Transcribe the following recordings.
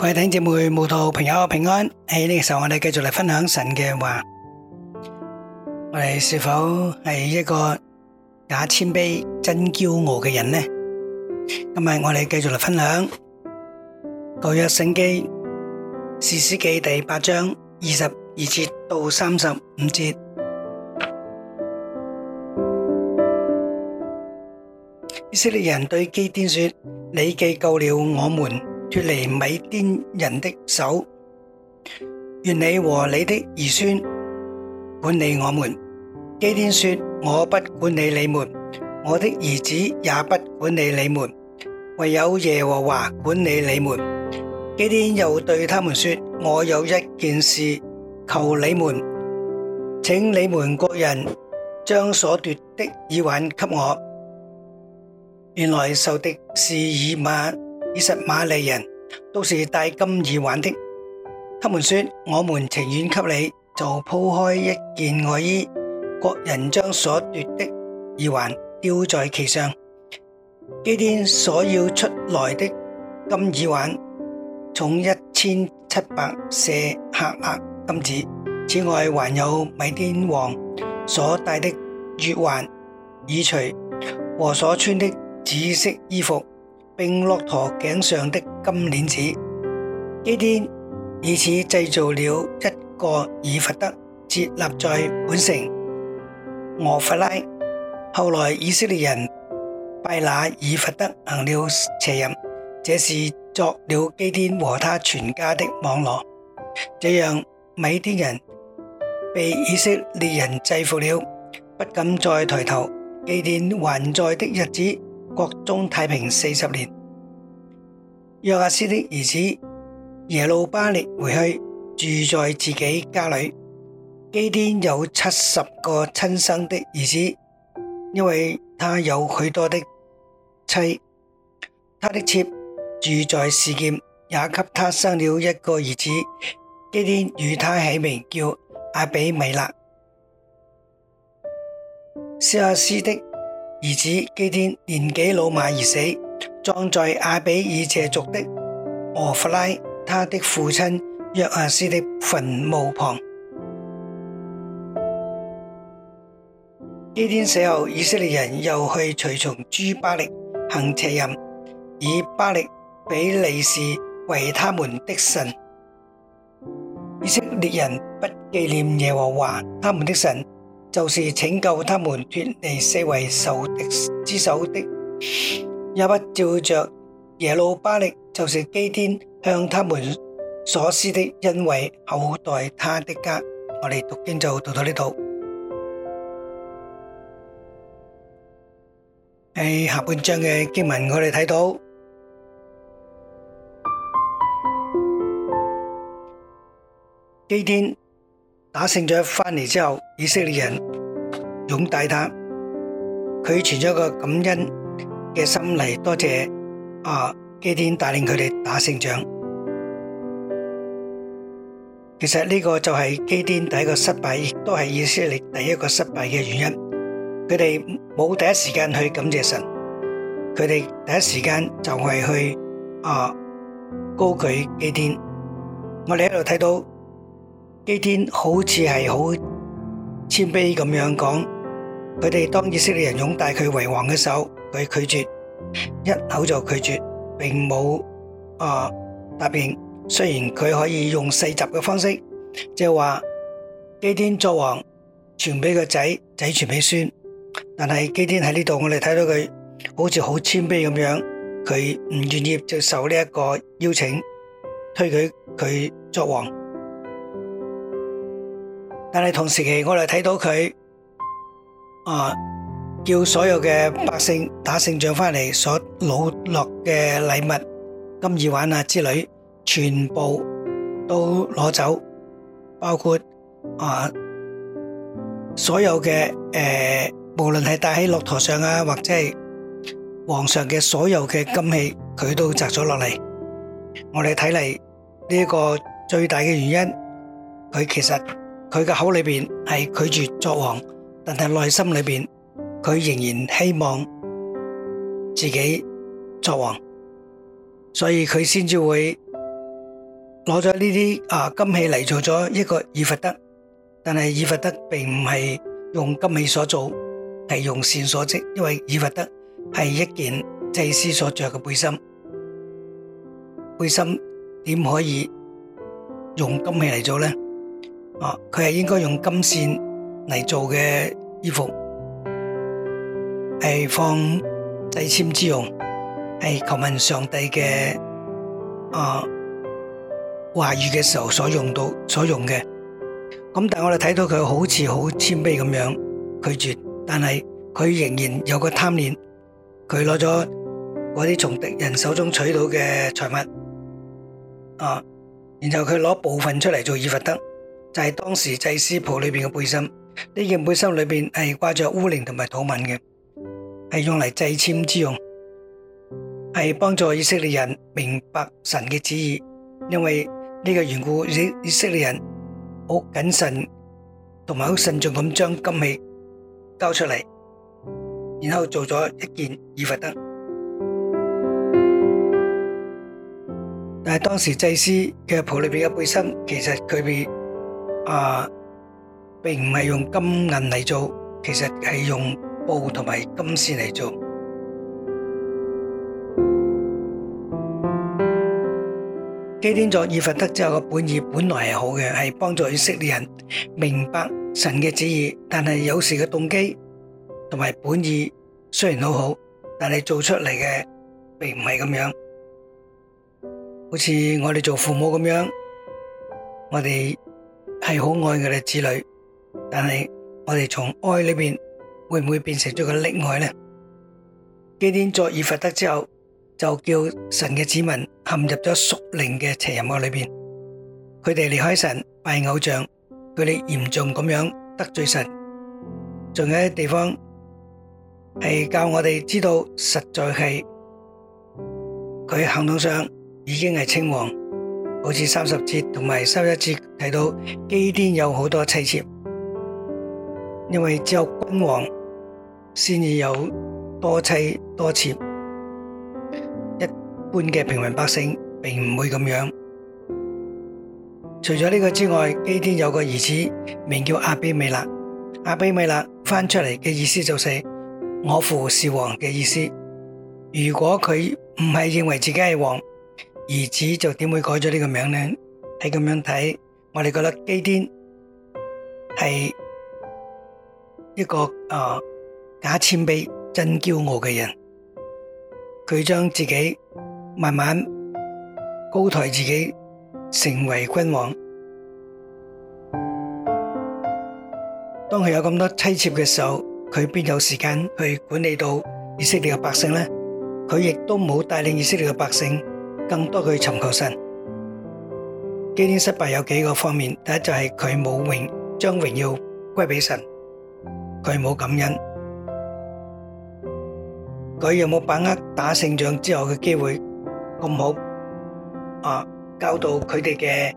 各位弟兄姐妹、慕道、朋友平安。喺呢個時候，我哋繼續嚟分享神嘅話。我哋是否係一個假謙卑、真驕傲嘅人呢？今日我哋繼續嚟分享《舊約聖經士師記》第八章二十二節到三十五節。以色列人對基甸說：你既救了我們。脫離米甸人的手，願你和你的兒孫管理我們。基甸說：我不管理你們，我的兒子也不管理你們，唯有耶和華管理你們。基甸又對他們說：我有一件事，求你們，請你們各人將所奪的耳環給我。原來受的是耳物。以實瑪利人都是戴金耳環的，他們說：我們情願給你。就鋪開一件外衣，各人將所奪的耳環吊在其上。基甸所要出來的金耳環重一千七百舍客勒金子，此外還有米甸王所戴的月環耳墜和所穿的紫色衣服。並駱駝頸上的金鏈子，基甸以此製造了一個以弗得設立在本城俄弗拉。後來以色列人拜那以弗得行了邪淫，這是作了基甸和他全家的網羅。這樣米甸人被以色列人制伏了，不敢再抬頭。基甸還在的日子，國中太平四十年，約阿斯的兒子耶路巴力回去住在自己家裏。基甸有七十個親生的兒子，因為他有許多的妻。他的妾住在示劍，也給他生了一個兒子。基甸與他起名叫阿比米勒。約阿斯的兒子基甸年紀老邁而死，葬在亞比以謝族的俄弗拉，他的父親約阿斯的墳墓旁。基甸死後，以色列人又去隨從諸巴力行邪淫，以巴力比利士為他們的神。以色列人不紀念耶和華他們的神。就是拯救他們脫離四圍仇敵之手的，也不照着耶路巴力，就是基甸向他們所施的，恩惠厚待他的家。我哋讀經就讀到呢度。喺下半章嘅經文，我哋睇到基甸。打勝仗翻嚟之後，以色列人擁戴佢，佢存咗個感恩嘅心嚟多謝啊基甸帶領佢哋打勝仗。其實呢個就係基甸第一個失敗，亦都係以色列第一個失敗嘅原因。佢哋冇第一時間去感謝神，佢哋第一時間就係去啊高舉基甸。我哋喺度睇到。基天好似係好謙卑咁樣講，佢哋當以色列人擁戴佢為王嘅時候，佢拒絕，一口就拒絕，並冇啊答應。雖然佢可以用世襲嘅方式，即係話基天作王，傳俾個仔，仔傳俾孫，但係基天喺呢度，我哋睇到佢好似好謙卑咁樣，佢唔願意接受呢一個邀請，推舉佢作王。但係同時期，我哋睇到佢，啊，叫所有嘅百姓打勝仗翻嚟，所攞落嘅禮物、金耳環啊之類，全部都攞走，包括啊所有嘅誒、呃，無論係戴喺駱駝上啊，或者係皇上嘅所有嘅金器，佢都摘咗落嚟。我哋睇嚟呢一個最大嘅原因，佢其實。佢嘅口裏邊係拒絕作王，但係內心裏邊佢仍然希望自己作王，所以佢先至會攞咗呢啲啊金器嚟，做咗一個以弗得，但係以弗得並唔係用金器所做，係用線所織，因為以弗得係一件祭司所着嘅背心，背心點可以用金器嚟做呢？啊！佢係應該用金線嚟做嘅衣服，係放祭簽之用，係求問上帝嘅啊話語嘅時候所用到所用嘅。咁、嗯、但係我哋睇到佢好似好謙卑咁樣拒絕，但係佢仍然有個貪念，佢攞咗嗰啲從敵人手中取到嘅財物啊，然後佢攞部分出嚟做以弗得。就係當時祭司袍裏邊嘅背心，呢件背心裏邊係掛着烏靈同埋土吻嘅，係用嚟祭簽之用，係幫助以色列人明白神嘅旨意。因為呢個緣故，以以色列人好謹慎同埋好慎重咁將金器交出嚟，然後做咗一件以弗得。但係當時祭司嘅袍裏邊嘅背心，其實佢被。啊，並唔係用金銀嚟做，其實係用布同埋金線嚟做。基甸造以弗得之後嘅本意本來係好嘅，係幫助以色列人明白神嘅旨意。但係有時嘅動機同埋本意雖然好好，但係做出嚟嘅並唔係咁樣。好似我哋做父母咁樣，我哋。係好愛佢哋子女，但係我哋從愛裏面會唔會變成咗個溺愛呢？基甸作以弗得之後，就叫神嘅子民陷入咗屬靈嘅邪淫愛裡面，佢哋離開神拜偶像，佢哋嚴重咁樣得罪神，仲有啲地方係教我哋知道，實在係佢行動上已經係稱王。好似三十節同埋三十一節睇到基天有好多妻妾，因為只有君王先至有多妻多妾，一般嘅平民百姓並唔會咁樣。除咗呢個之外，基天有個兒子名叫阿卑米勒，阿卑米勒翻出嚟嘅意思就係、是、我父是王嘅意思。如果佢唔係認為自己係王。兒子就點會改咗呢個名呢？喺咁樣睇，我哋覺得基甸係一個啊假謙卑、真驕傲嘅人。佢將自己慢慢高抬自己，成為君王。當佢有咁多妻妾嘅時候，佢邊有時間去管理到以色列嘅百姓呢？佢亦都冇帶領以色列嘅百姓。更多去尋求神，今天失敗有幾個方面，第一就係佢冇榮將榮耀歸俾神，佢冇感恩，佢有冇把握打勝仗之後嘅機會咁好？啊，教導佢哋嘅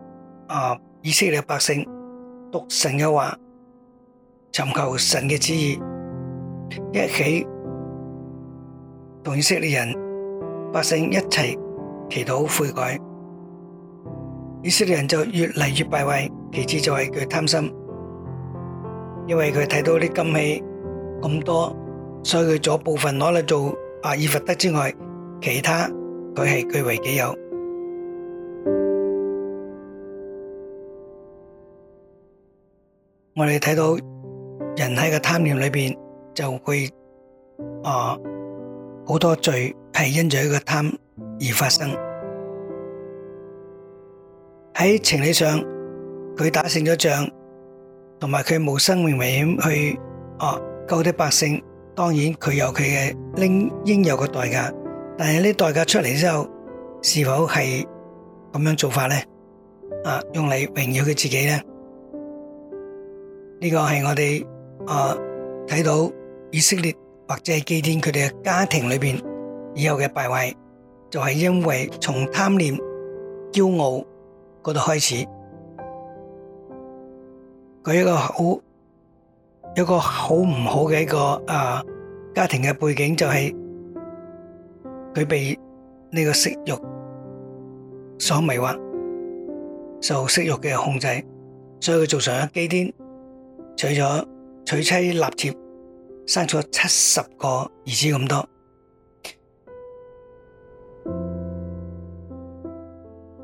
啊以色列百姓讀神嘅話，尋求神嘅旨意，一起同以色列人百姓一齊。祈禱悔改，以色列人就越嚟越敗壞，其次就係佢貪心，因為佢睇到啲金器咁多，所以佢咗部分攞嚟做以弗得之外，其他佢係據為己有。我哋睇到人喺個貪念裏面，就會啊好多罪係因咗一個貪。而發生喺情理上，佢打勝咗仗，同埋佢冇生命危險去哦救啲百姓。當然佢有佢嘅應應有嘅代價，但係呢代價出嚟之後，是否係咁樣做法咧？啊，用嚟榮耀佢自己咧？呢個係我哋啊睇到以色列或者係基甸佢哋嘅家庭裏邊以後嘅敗壞。就係因為從貪念、驕傲嗰度開始，佢一個好一個很不好唔好嘅一個啊家庭嘅背景，就係佢被呢個色欲所迷惑，受色欲嘅控制，所以佢做上咗基甸，娶咗娶妻納妾，生咗七十個兒子咁多。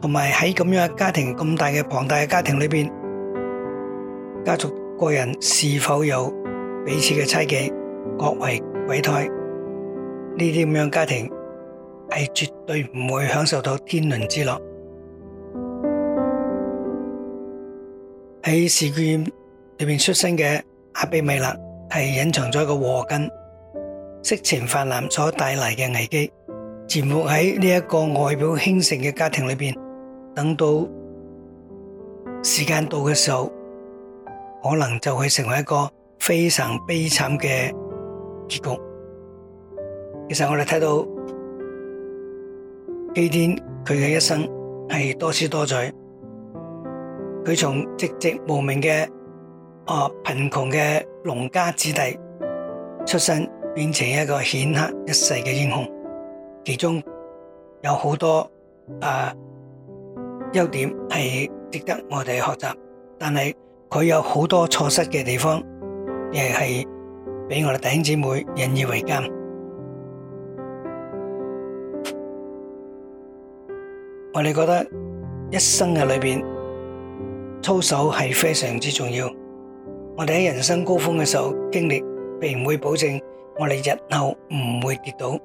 同埋喺咁樣嘅家庭，咁大嘅龐大嘅家庭裏邊，家族個人是否有彼此嘅猜忌、各懷鬼胎？呢啲咁樣家庭係絕對唔會享受到天倫之樂。喺事件裏邊出生嘅阿比米勒係隱藏咗一個禍根，色情泛濫所帶嚟嘅危機。潛伏喺呢一個外表興盛嘅家庭裏面，等到時間到嘅時候，可能就會成為一個非常悲慘嘅結局。其實我哋睇到祭天佢嘅一生係多姿多采，佢從籍籍無名嘅啊貧窮嘅農家子弟出身，變成一個顯赫一世嘅英雄。其中有好多啊優點，係值得我哋學習，但係佢有好多錯失嘅地方，亦係俾我哋弟兄姊妹引以為鑑。我哋覺得一生嘅裏邊操守係非常之重要。我哋喺人生高峰嘅時候經歷，並唔會保證我哋日後唔會跌倒。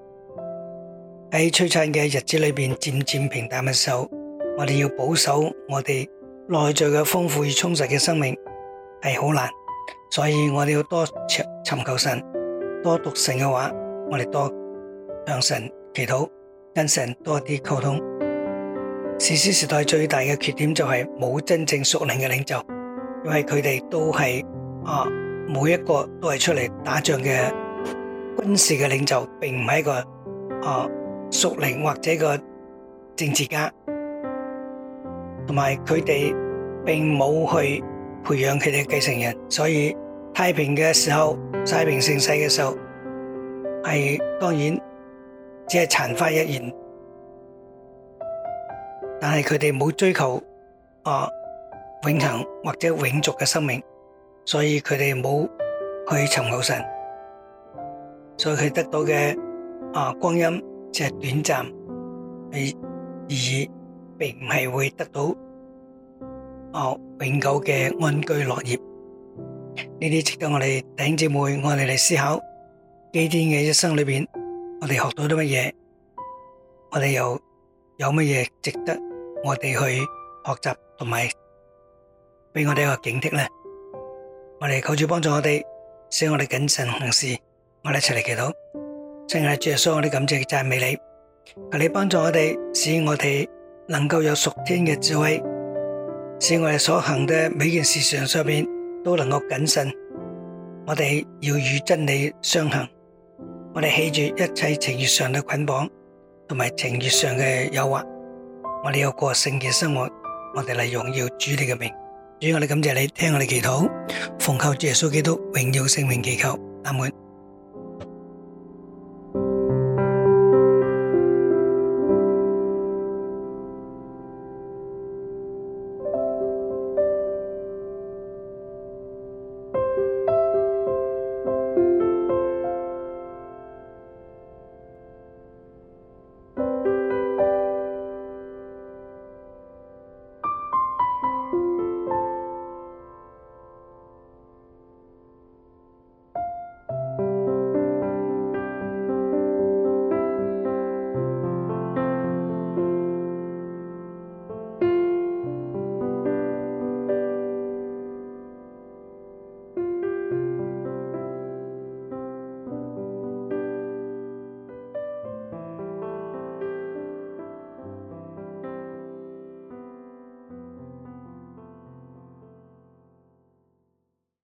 喺璀璨嘅日子裏邊漸漸平淡嘅時候，我哋要保守我哋內在嘅豐富與充實嘅生命係好難，所以我哋要多尋尋求神，多讀神嘅話，我哋多向神祈禱，跟神多啲溝通。士師時代最大嘅缺點就係冇真正屬靈嘅領袖，因為佢哋都係啊，每一個都係出嚟打仗嘅軍事嘅領袖，並唔係一個啊。熟齡或者個政治家，同埋佢哋並冇去培養佢哋嘅繼承人，所以太平嘅時候，太平盛世嘅時候，係當然只係曇花一現。但係佢哋冇追求啊永恒或者永續嘅生命，所以佢哋冇去尋求神，所以佢得到嘅啊光陰。即係短暫，而並唔係會得到哦永久嘅安居樂業。呢啲，值得我哋弟兄姐妹我哋嚟思考。基甸嘅一生裏邊，我哋學到啲乜嘢？我哋又有乜嘢值得我哋去學習同埋俾我哋一個警惕咧？我哋求主幫助我哋，使我哋謹慎行事。我哋一齊嚟祈禱。親愛主耶穌，我哋感謝你讚美你，求你幫助我哋，使我哋能夠有屬天嘅智慧，使我哋所行嘅每件事上上面都能夠謹慎。我哋要與真理相衡，我哋起住一切情意上嘅捆綁，同埋情意上嘅誘惑。我哋要過聖潔嘅生活，我哋嚟榮耀主你嘅名。主，我哋感謝你聽我哋祈禱，奉靠主耶穌基督榮耀聖名祈求，阿門。